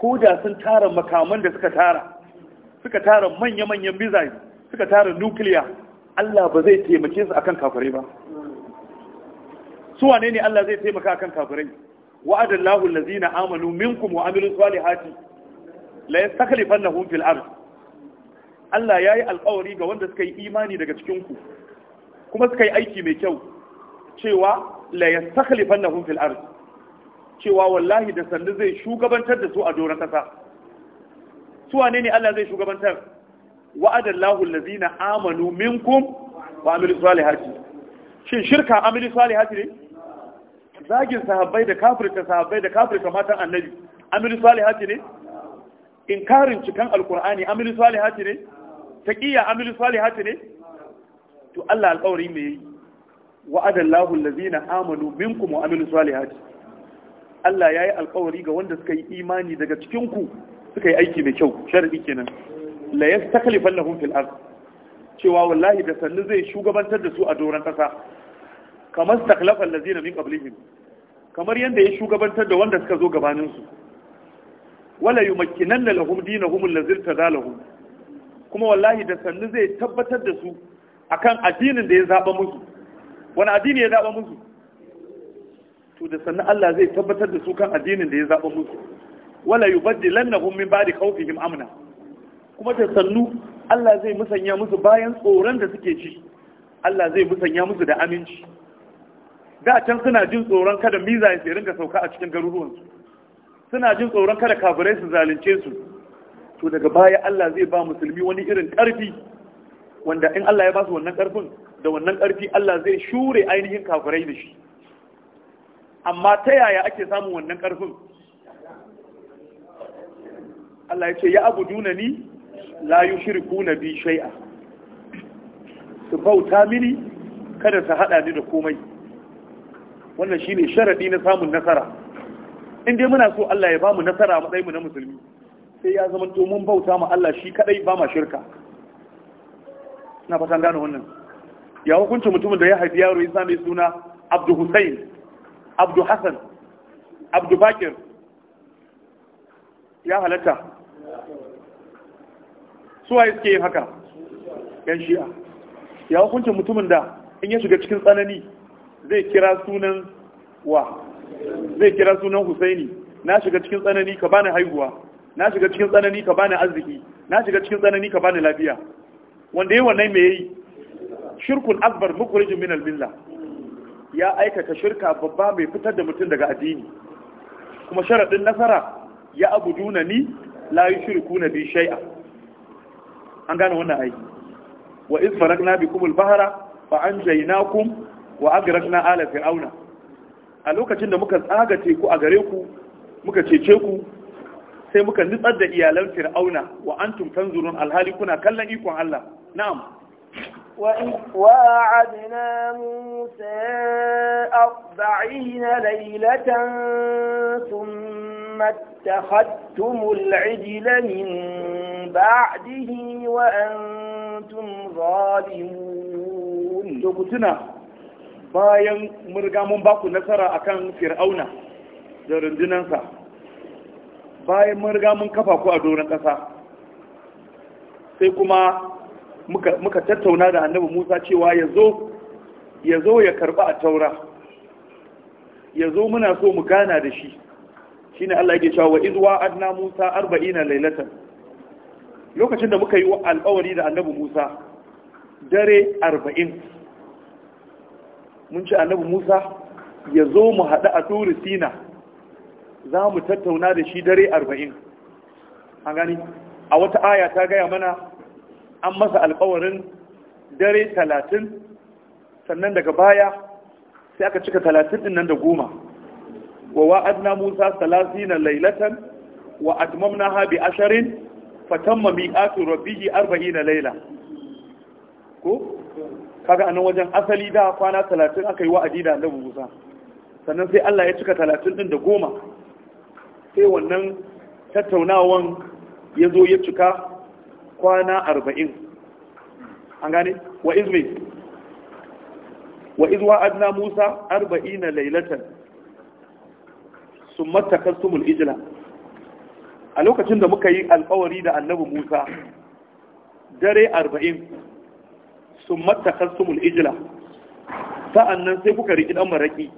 Speaker 1: ko da sun tara makaman da suka tara suka tara manya-manyan bizayi suka tara nukiliya Allah ba zai taimake su akan kafirai ba su wanene ne Allah zai taimaka akan kafirai wa'ada Allahu allazina amanu minkum wa amilus salihati la yastakhlifannahum fil ard Allah yayi alƙawari ga wanda suka yi imani daga cikin ku kuma suka yi aiki mai kyau cewa la yastakhlifannahum fil ard cewa wallahi da sannu zai shugabantar da su a doron kasa su wane ne Allah zai shugabantar wa'adallahu allazina amanu minkum wa amilu salihati shin shirka amilu salihati ne zagin sahabbai da kafirta sahabbai da kafirta matan annabi amilu salihati ne inkarin cikan alkur'ani amilu salihati ne taqiya amilu salihati ne to Allah alƙawari me yi wa'adallahu allazina amanu minkum wa amilu salihati Allah ya yi alkawari ga wanda suka yi imani daga cikinku suka yi aiki mai kyau sharaɗi kenan la ya takalifan lahum fil ard cewa wallahi da sannu zai shugabantar da su a doron kasa kamar taklafan lazina min qablihim kamar yadda ya shugabantar da wanda suka zo gabanin su wala yumakkinanna lahum dinahum allazi tadalahum kuma wallahi da sannu zai tabbatar da su akan addinin da ya zaba musu wani addini ya zaba musu to da sannan Allah zai tabbatar da su kan addinin da ya zaɓa musu wala yubaddilannahum min ba'di khawfihim amna kuma da sannu Allah zai musanya musu bayan tsoron da suke ci Allah zai musanya musu da aminci da can suna jin tsoron kada miza ya ringa sauka a cikin garuruwansu suna jin tsoron kada kafirai su zalunce su to daga baya Allah zai ba musulmi wani irin karfi wanda in Allah ya ba su wannan karfin da wannan karfi Allah zai shure ainihin kafirai da shi amma ta yaya ake samun wannan ƙarfin Allah ya ce ya abu duna ni la shirku na bi shai'a su bauta mini kada su haɗa ni da komai wannan shi ne sharaɗi na samun nasara in dai muna so Allah ya bamu nasara matsayi mu na musulmi sai ya zama domin bauta ma Allah shi kadai ba ma shirka ina fatan gano wannan ya hukunci mutumin da ya haifi yaro ya same suna Abdul Hussein abdu hassan abdu bakir ya halatta waye suke yin haka yan shi'a ya hukunci mutumin da in ya shiga cikin tsanani zai kira sunan wa zai kira sunan husaini na shiga cikin tsanani ka bani haihuwa na shiga cikin tsanani ka bani arziki na shiga cikin tsanani ka bani lafiya wanda yi wannan mai yi shirkun akbar mukhrijun min al ya aikata shirka babba mai fitar da mutum daga addini kuma sharaɗin nasara ya abu duna ni la yushriku na bi shay'a an gane wannan aiki wa iz farakna bikum al-bahra fa anjaynakum wa agrakna ala fir'auna a lokacin da muka tsaga teku a gare ku muka cece ku sai muka nitsar da iyalan fir'auna wa antum tanzurun alhali kuna kallon ikon Allah na'am وأعدنا موسى أربعين ليلة ثم اتخذتم العجل من بعده وأنتم ظالمون لقتنا bayan mun riga mun ba nasara akan fir'auna da rundunansa bayan mun riga mun kafa ku a doron ƙasa sai kuma muka tattauna da annabi Musa cewa ya zo ya zo ya karba a taura ya zo muna so mu gana da shi Shi ne Allah yake cewa iz wa'adna Musa na laylatan lokacin da muka yi alƙawari da annabi Musa dare arba'in. mun ci annabi Musa ya zo mu haɗu a turi sina za mu tattauna da shi dare arba'in. a gani a wata aya ta gaya mana an masa alkawarin dare talatin sannan daga baya sai aka cika talatin din nan da goma wa wa'adna musa na lailatan wa atmamnaha bi asharin fatamma miqatu arba'i na laila ko kaga anan wajen asali da kwana talatin aka yi wa'adi da annabi musa sannan sai Allah ya cika talatin din da goma sai wannan tattaunawan ya zo ya cika kwana arba'in an gane wa izmi wa izwa adna musa arba'ina lailatan sun matakastumul ijila a lokacin da muka yi alƙawari da annabi musa dare arba'in sun matakastumul ijila Sa'annan sai kuka riƙi ɗan maraƙi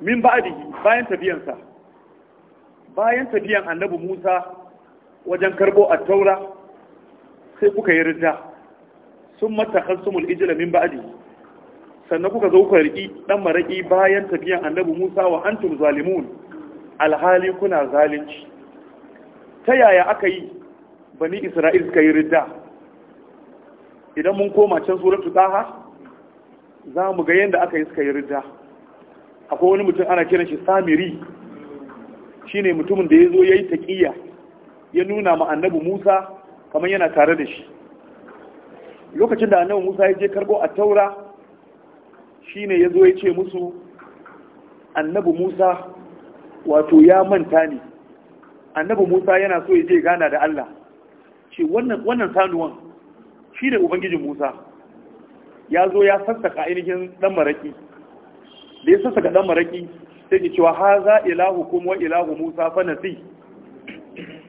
Speaker 1: min ba'adihi bayan tafiyansa bayan tafiyan annabi musa wajen karɓo a taura sai kuka yi ridda sun mata hasumul ijila min ba'di sannan kuka zo kuka riki dan maraki bayan tafiyan annabi Musa wa antum zalimun alhali kuna zalunci ta yaya aka yi bani Isra'il suka yi ridda idan mun koma can suratu taha za mu ga yadda aka yi suka yi ridda akwai wani mutum ana kiran shi samiri shine mutumin da ya zo ya yi taƙiyya ya nuna ma annabi musa kamar yana tare da shi lokacin da annabi Musa ya je karbo a taura shine ya zo ya ce musu annabi Musa wato ya manta ne annabi Musa yana so ya je gana da Allah ce wannan wannan sanuwan shi ne ubangijin Musa ya zo ya sassaka ainihin dan maraki da ya sassaka dan maraki sai ke cewa haza ilahu kuma wa ilahu Musa fa nasi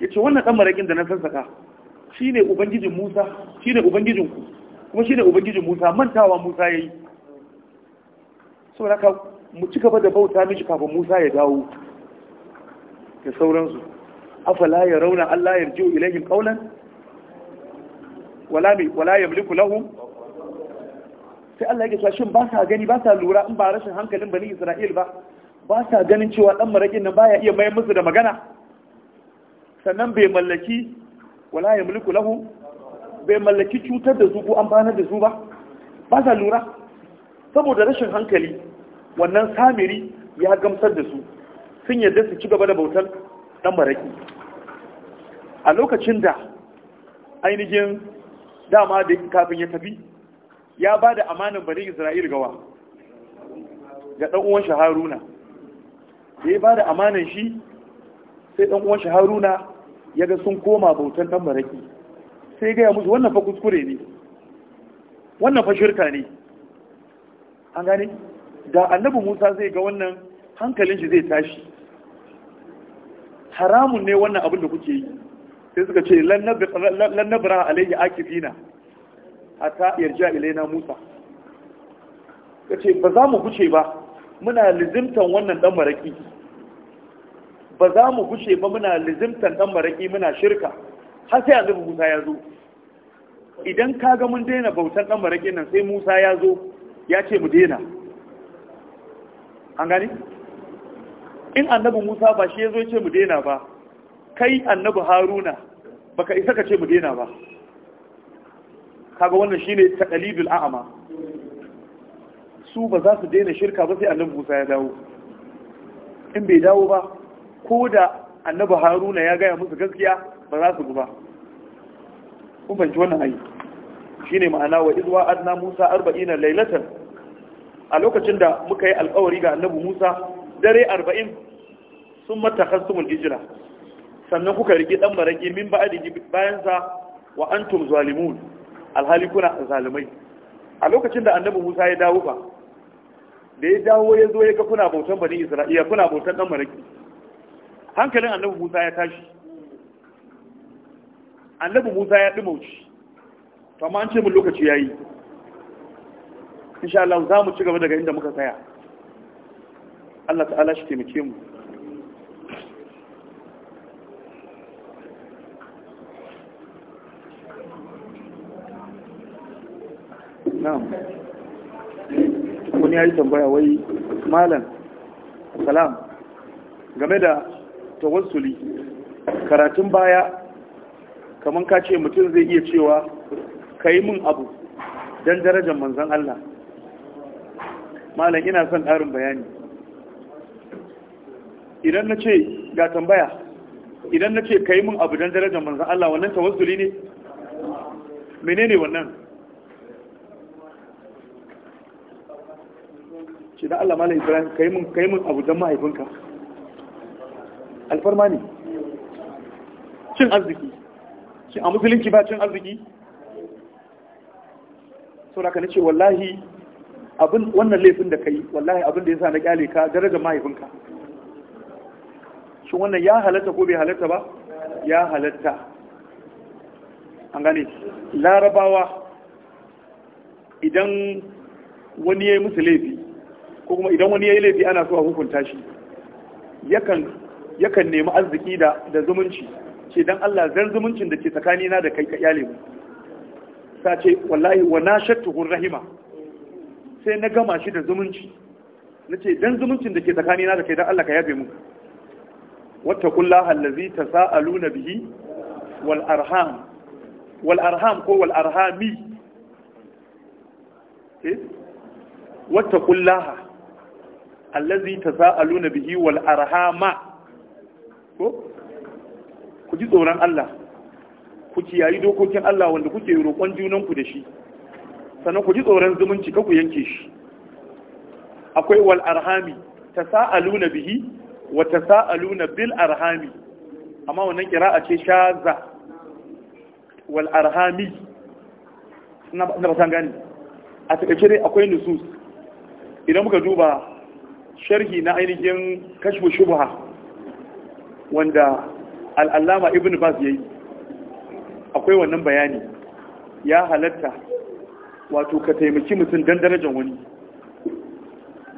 Speaker 1: ce wannan dan marakin da na sassaka shine ubangijin Musa shine ubangijin ku kuma shine ubangijin Musa mantawa Musa yayi saboda ka mu ci gaba da bauta miji kafin Musa ya dawo da sauransu afala ya rauna Allah ya rjiu ilayhim ƙaunan. wala bi wala yamliku lahum sai Allah yake cewa shin ba sa gani ba sa lura in ba rashin hankalin bani Isra'il ba ba sa ganin cewa dan maraƙin nan baya iya mai musu da magana sannan bai mallaki wala ya mulku lahu bai mallaki cutar da zubu an bana da zu ba ba sa lura saboda rashin hankali wannan samiri ya gamsar da su sun yadda su ci gaba da bautar dan maraki a lokacin da ainihin dama da kafin ya tafi ya ba da amanin bari isra'il gawa ga ɗan uwan shaharuna ya ba da amanin shi sai ɗan uwan Haruna. ya ga sun koma bautan ɗan maraƙi. sai gaya musu wannan fa kuskure ne wannan fa shirka ne an gane da annabi musa zai ga wannan hankalin shi zai tashi haramun ne wannan abin da kuke yi sai suka ce lannabra alayhi akifina ta yarja ilaina musa ka ce ba za mu kuce ba muna lizimtan wannan ɗan maraƙi. ba za mu gushe ba muna lizimtan dan maraki muna shirka har sai annabi Musa ya zo idan ka ga mun daina bautan dan maraki nan sai Musa ya zo ya ce mu daina an gani in annabi Musa ba shi ya zo ya ce mu daina ba kai annabi Haruna baka isa ka ce mu daina ba kaga wannan shine taqlidul a'ma su ba za su daina shirka ba sai annabi Musa ya dawo in bai dawo ba ko da annabi haruna ya gaya musu gaskiya ba za su guba kun fahimci wannan Shi ne ma'ana wa izuwa adna musa Arba'in a lailatan a lokacin da muka yi alkawari ga annabi musa dare arba'in sun matakhasumul ijira sannan kuka riƙe dan maraƙi min ba'adi bayan bayansa wa antum zalimun alhali kuna zalimai a lokacin da annabi musa ya dawo ba da ya dawo ya zo ya ga kuna bautan bani isra'iya kuna bautan dan maraki hankalin annabi musa ya tashi annabi musa ya ɗumauci to amma an ce mun lokaci ya yi insha Allah za mu ci gaba daga inda muka tsaya Allah ta'ala shi taimake mu na'am wani ya yi tambaya wai malam salam game da tawassuli karatun baya kamar ka ce mutum zai iya cewa ka yi min abu don darajar manzan Allah malam ina son ƙarin bayani idan na ce ga tambaya idan na ce ka yi min abu don darajar manzan Allah wannan tawassuli ne menene wannan
Speaker 2: ce da Allah malam Ibrahim ka yi min abu
Speaker 1: don mahaifinka alfarma ne cin arziki cin a musulunci ba cin arziki da na ce wallahi abin wannan laifin da ka yi, wallahi abin da ya sa na kyale ka daraja mahaifinka shi wannan ya halatta ko bai halatta ba ya halatta an gane larabawa idan wani ya yi musu laifi ko kuma idan wani ya yi laifi ana so a hukunta shi yakan yakan nemi arziki da da zumunci ce dan Allah zan zumuncin da ke tsakanina da kai ka iyale mu ta ce wallahi wa nashattuhu rahima sai na gama shi da zumunci nace dan zumuncin da ke tsakanina da kai dan Allah ka yafe mu wattaqullaha allazi tasaaluna bihi wal arham wal arham ko wal arhami eh wattaqullaha allazi tasaaluna bihi wal arhama ko ku ji tsoron Allah ku kiyayi dokokin Allah wanda kuke roƙon junanku da shi sannan ku ji tsoron zumunci ka ku yanke shi akwai wal arhami tasa'aluna bihi wa tasa'aluna bil arhami amma wannan kira'a ce shaza wal arhami na ba san gani a takaice dai akwai nusus idan muka duba sharhi na ainihin kashfu shubha wanda al'allama ibn bas ya yi akwai wannan bayani ya halatta wato ka taimaki mutum don darajar wani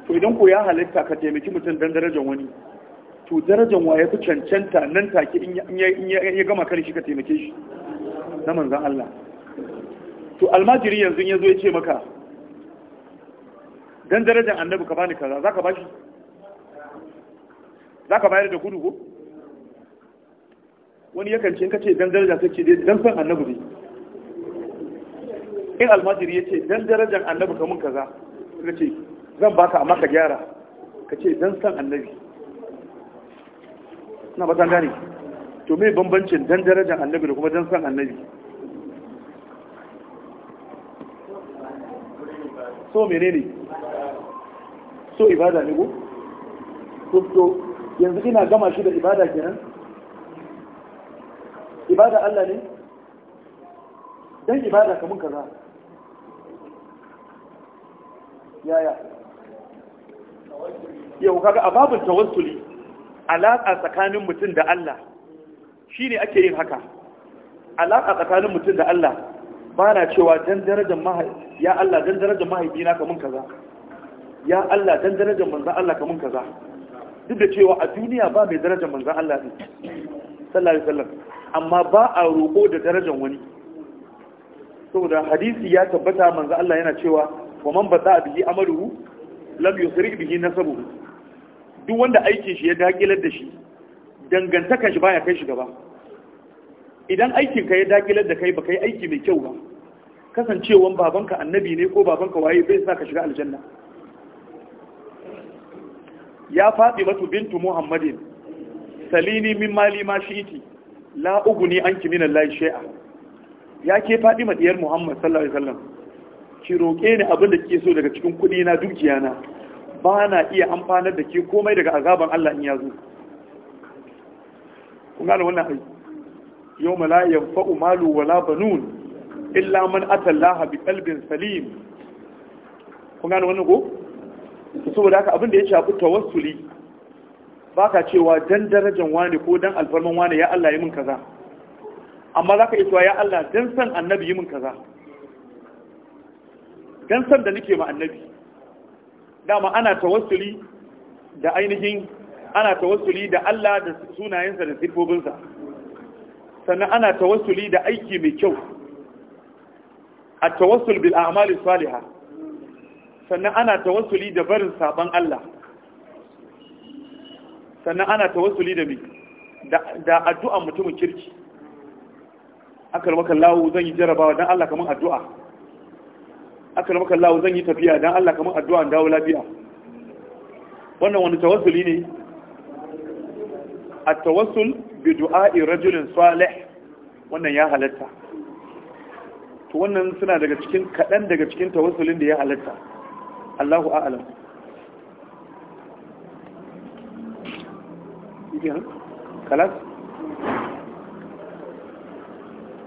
Speaker 1: to idan ko ya halatta ka taimaki mutum don darajar wani to darajar wa ya fi cancanta nan take in ya gama kan shi ka taimake shi na manzan Allah to almajiri yanzu ya zo ya ce maka don darajar annabu ka bani kaza za ka bashi za ka bayar da kudu ko wani yakan ce ka ce dan daraja take dai dan san annabi ne in almajiri ya ce dan darajar annabi ka mun kaza ka ce zan baka amma ka gyara ka ce dan san annabi na ba san gane to me bambancin dan darajar annabi da kuma dan san annabi so menene so ibada ne ko to yanzu ina gama shi da ibada kenan ibada Allah ne dan ibada kamun kaza yaya yau kaga a babin tawassuli alaƙa tsakanin mutum da Allah shine ake yin haka alaƙa tsakanin mutum da Allah ba na cewa dan darajar mahaifi ya Allah dan darajar mahaifina kamun kaza ya Allah dan darajar manzan Allah kamun kaza duk da cewa a duniya ba mai darajar manzan Allah ne sallallahu alaihi amma ba a roƙo da darajan wani saboda hadisi ya tabbata manzo Allah yana cewa wa man a bihi amaluhu lam yusri bihi nasabu duk wanda aikin shi ya dakilar da shi dangantakar shi baya kai shi gaba idan aikin ka ya dakilar da kai baka yi aiki mai kyau ba kasancewan babanka annabi ne ko babanka waye bai sa ka shiga aljanna ya faɗi matu bintu muhammadin salini min mali ma shi'iti la an anki min Allah shay'a ya ke fadi madiyar Muhammad sallallahu alaihi wasallam ki roƙe ni abin da kike so daga cikin kuɗi na dukiya na ba na iya amfanar da ke komai daga azaban Allah in ya zo kun gane wannan ai yau la yanfa'u malu wala banun illa man atallaha bi qalbin salim kun gane wannan ko saboda haka abin da ya shafi tawassuli ba ka cewa dan darajan wani ko dan alfarman wani ya Allah yi min kaza amma za ka cewa ya Allah dan san annabi yi min kaza dan san da nake ma annabi dama ana tawassuli da ainihin ana tawassuli da Allah da sunayensa da sifofinsa sannan ana tawassuli da aiki mai kyau a tawassul bil a'mali salihah sannan ana tawassuli da barin saban Allah sannan ana tawassuli da mi da addu'a mutumin kirki aka maka lawo zan yi jaraba don Allah kamar addu'a aka maka lawo zan yi tafiya don Allah kamar addu'a dawo lafiya wannan wani tawassuli ne a tawassul bi du'a'i rajulin salih wannan ya halatta to wannan suna daga cikin kaɗan daga cikin tawassulin da ya halatta Allahu a'alam kenan kalas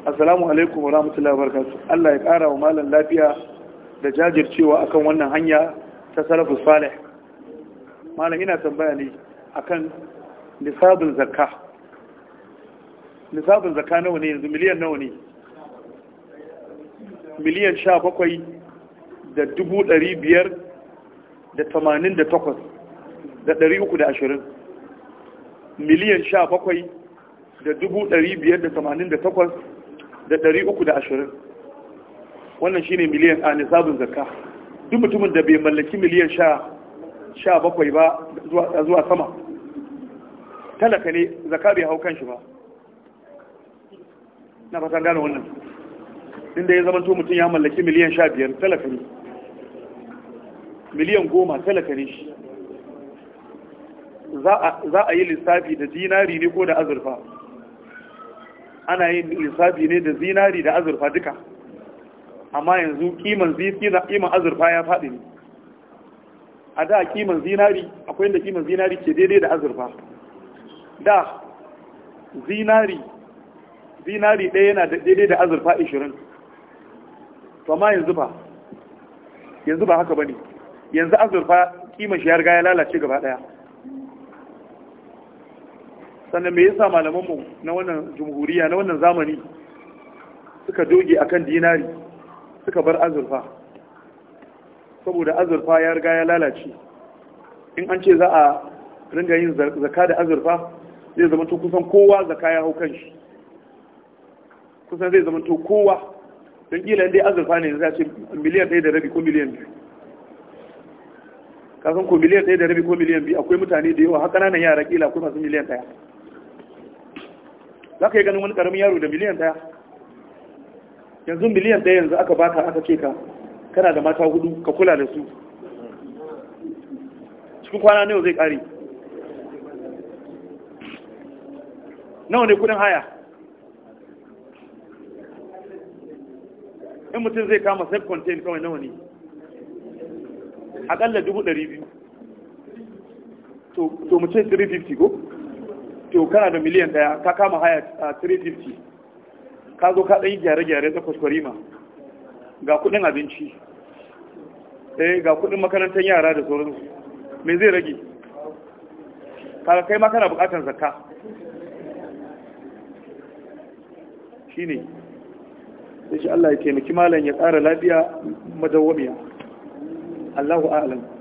Speaker 1: assalamu alaikum wa rahmatullahi wa barakatuh Allah ya kara wa malam lafiya da jajircewa akan wannan hanya ta salafus salih malam ina tambaya ne akan nisabin zakka nisabin zakka nawa ne yanzu miliyan nawa ne miliyan sha bakwai da dubu ɗari biyar da tamanin da takwas da ɗari uku da ashirin miliyan sha bakwai da dubu ɗari biyar da tamanin da takwas da ɗari uku da ashirin wannan shine miliyan a nisabin zakka duk mutumin da bai mallaki miliyan sha bakwai ba zuwa sama talaka ne zakka bai hau kanshi ba na fatan gane wannan inda ya zama to mutum ya mallaki miliyan sha biyar talaka ne miliyan goma talaka ne shi za a yi lissafi da zinari ne ko da azurfa ana yin lissafi ne da zinari da azurfa duka amma yanzu kiman azurfa ya faɗi ne a da kiman zinari akwai da kiman zinari ke daidai da azurfa da zinari zinari ɗaya yana daidai da azurfa 20 to amma yanzu ba yanzu ba haka ba ne yanzu azurfa kiman shi ya riga ya lalace gaba ɗaya sannan me yasa malamanmu na wannan jumhuriya na wannan zamani suka doge akan dinari suka bar azurfa saboda azurfa ya riga ya lalace in an ce za a ringa yin zaka da azurfa zai zama to kusan kowa zaka ya hau kanshi kusan zai zama to kowa don kila dai azurfa ne za ce miliyan ɗaya da rabi ko miliyan biyu kasan ko miliyan ɗaya da rabi ko miliyan biyu akwai mutane da yawa haka nan yara kila akwai masu miliyan ɗaya za ka yi ganin wani ƙaramin yaro da miliyan ɗaya yanzu miliyan ɗaya yanzu aka baka aka ce ka kana da mata hudu ka kula da su cikin kwana nawa zai ƙare nawa ne kudin haya in mutum zai kama self-contained kawai nawa ne aƙalla biyu. to mutum 350 go? to kana da miliyan daya ka kama haya a 350 ka zo ka ɗan yi gyare-gyare ta kwaskwarima ga kudin abinci eh ga kudin makarantar yara da sauransu me zai rage kaga kai ma kana bukatar zakka shine sai shi Allah ya taimaki malam ya ƙara lafiya madawwamiya Allahu a'lam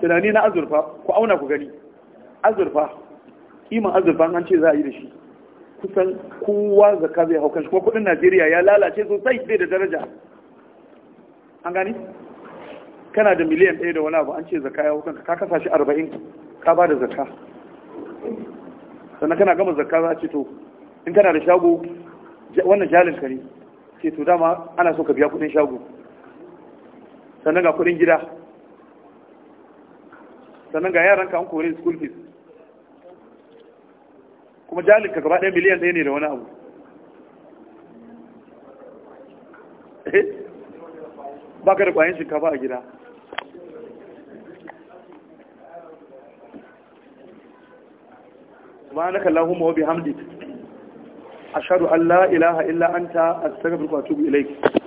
Speaker 1: tunani na azurfa ku auna ku gani azurfa kiman azurfa an ce za a yi da shi kusan kowa zaka zai hau kanshi kuma kudin najeriya ya lalace sosai bai da daraja an gani kana da miliyan ɗaya da wani abu an ce zaka ya hau kanka ka kasa shi arba'in ka ba da zaka sannan kana gama zaka za a ce to in kana da shago wannan jalin ka ne ce to dama ana so ka biya kudin shago sannan ga kudin gida sannan ga yaran ka an kore school fees kuma jalin ka gaba ɗaya miliyan ɗaya ne da wani abu eh? ba ka da ƙwayan shinkafa a gida Ba na kalla allahumma wa bihamdik A an la ilaha illa anta astaghfiruka wa atubu ilayk